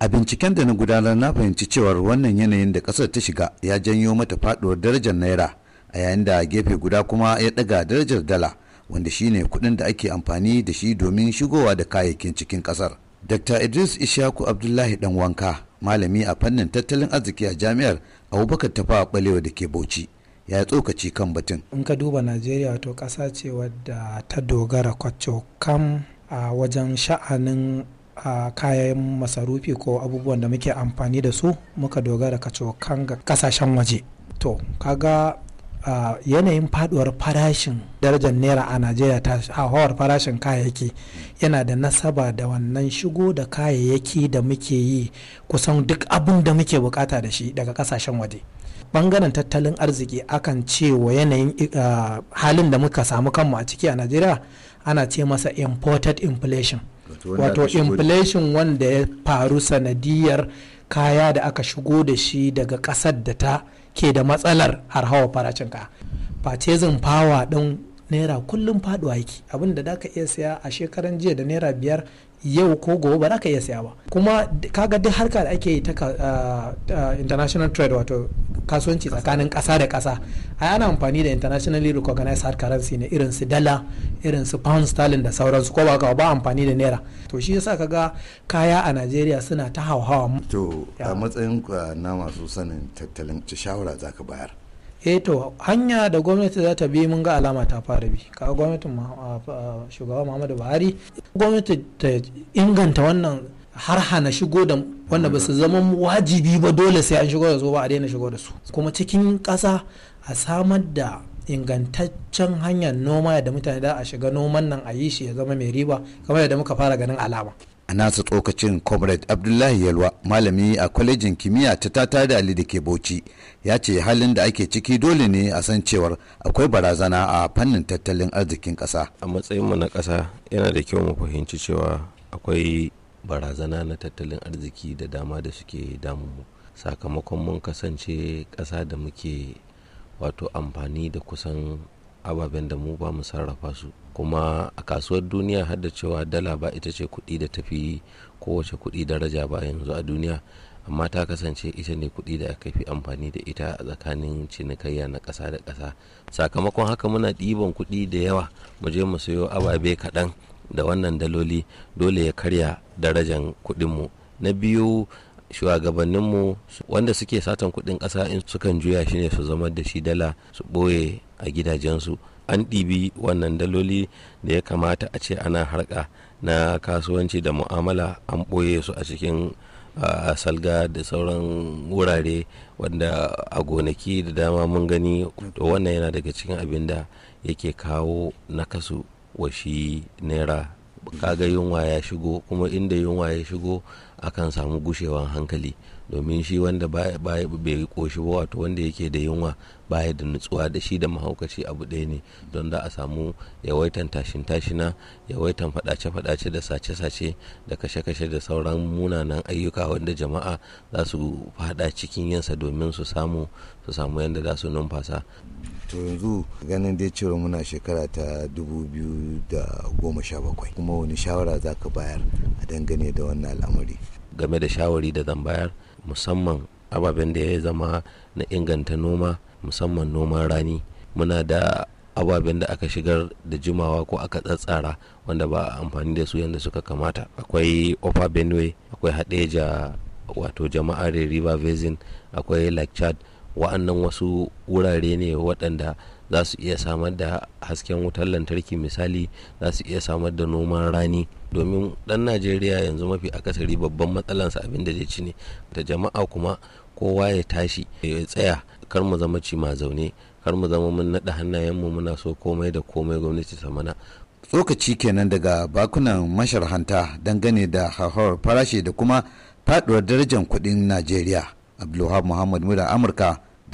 a binciken da na gudanar na fahimci cewar wannan yanayin da kasar ta shiga ya janyo mata faduwar darajar naira a yayin da gefe guda kuma ya daga darajar dala wanda shine kudin da ake amfani da shi domin shigowa da kayayyakin cikin kasar dr idris ishaku abdullahi dan wanka malami a fannin tattalin arziki a jami'ar abubakar ta tafawa balewa da ke bauchi ya tsokaci kan batun in ka duba najeriya to kasa ce wadda ta dogara kwacho a wajen sha'anin a kayan masarufi ko abubuwan da muke amfani da su muka dogara cokan ga kasashen waje to kaga Uh, yanayin faduwar farashin darajar naira a najeriya ta hawar farashin kayayyaki yana da nasaba da wannan shigo da kayayyaki da muke yi kusan duk abin da muke bukata da shi daga kasashen waje bangaren tattalin arziki akan ce wa yanayin uh, halin da muka samu kanmu a ciki a najeriya ana ce masa imported inflation wato inflation wanda ya faru sanadiyar kaya da aka shigo da shi daga ƙasar da ta ke da matsalar har harhawa farashin ka. purchasing power ɗin naira kullum faduwa yake abin da zaka iya saya a shekaran jiya da naira biyar yau ko gobe ba za ka iya saya ba kuma kaga duk harka da ake yi ta ah, ah, international trade wato kasuwanci tsakanin ƙasa da kasa a ana amfani da internationally recognized hard currency ne irin su dala irin su pound sterling da sauransu ko ba ka ba amfani da naira to shi yasa kaga kaya a Najeriya suna ta hauhawa to a matsayin ah, na masu sanin tattalin shawara zaka bayar eh to hanya da gwamnati za ta bi mun ga alama ta fara bi kaga gwamnatin ah, ah, shugaba Muhammadu Buhari gwamnati ta inganta wannan har hana shigo da wanda ba su zama wajibi ba dole sai an shigo da su ba a daina shigo da su kuma cikin ƙasa a samar da ingantaccen hanyar noma da mutane da a shiga noman nan a yi shi ya zama mai riba kamar yadda muka fara ganin alama a nasa tsokacin comrade abdullahi yalwa malami a kwalejin kimiyya ta tata da ali da ke bauchi ya ce halin da ake ciki dole ne a san cewar akwai barazana a fannin tattalin arzikin ƙasa a matsayinmu na kasa yana da kyau mu fahimci cewa akwai barazana na tattalin arziki da dama da suke damu sakamakon mun kasance ƙasa da muke wato amfani da kusan ababen da mu ba mu sarrafa su kuma a kasuwar duniya har da cewa dala ba ita ce kuɗi da tafi kowace kuɗi daraja ba yanzu a duniya amma ta kasance ita ne kuɗi da aka fi amfani da ita a tsakanin cinikayya na ƙasa da ƙasa sakamakon haka muna ɗiban kuɗi da yawa mu je mu sayo ababe kaɗan da wannan daloli dole ya karya darajan mu na biyu shugabanninmu wanda suke satan kuɗin ƙasa in sukan juya shi ne su zama da shi dala su ɓoye a gidajensu an ɗibi wannan daloli da ya kamata a ce ana harka na kasuwanci da mu'amala an ɓoye su a cikin salga da sauran wurare wanda a gonaki da dama mun gani to wannan yana daga cikin abin da yake kawo nakasu wa shi naira kaga yunwa ya shigo kuma inda yunwa ya shigo akan samu gushewan hankali domin shi wanda bai koshi ba wato wanda yake da yunwa baya da nutsuwa da shi da mahaukaci abu ɗaya ne don za a samu yawaitan tashin tashina yawaitan fadace fadace da sace sace da kashe kashe da sauran munanan ayyuka wanda jama'a za su fada cikin yansa domin su samu su samu yadda za su numfasa to yanzu ganin dai cewa muna shekara ta 2017 kuma wani shawara za ka bayar a dangane da wannan al'amari game da shawari da zan bayar musamman ababen da ya zama na inganta noma musamman noman rani muna da ababen da aka shigar da jimawa ko aka tsatsara wanda ba amfani da su yadda suka kamata akwai ofa benue akwai hadeja wato jama'ar river basin akwai lake chad wa'annan wasu wurare ne waɗanda za su iya samar da hasken wutar lantarki misali za su iya samar da noman rani domin ɗan najeriya yanzu mafi akasari babban matsalansa abin da zai ci ne da jama'a kuma kowa ya tashi ya tsaya kar mu zama ci ma zaune kar mu zama mun naɗa hannayenmu muna so komai da komai gwamnati ta mana tsokaci kenan daga bakunan masharhanta dangane da hauhawar farashi da kuma faɗuwar darajar kuɗin najeriya abdulwahab muhammad muda amurka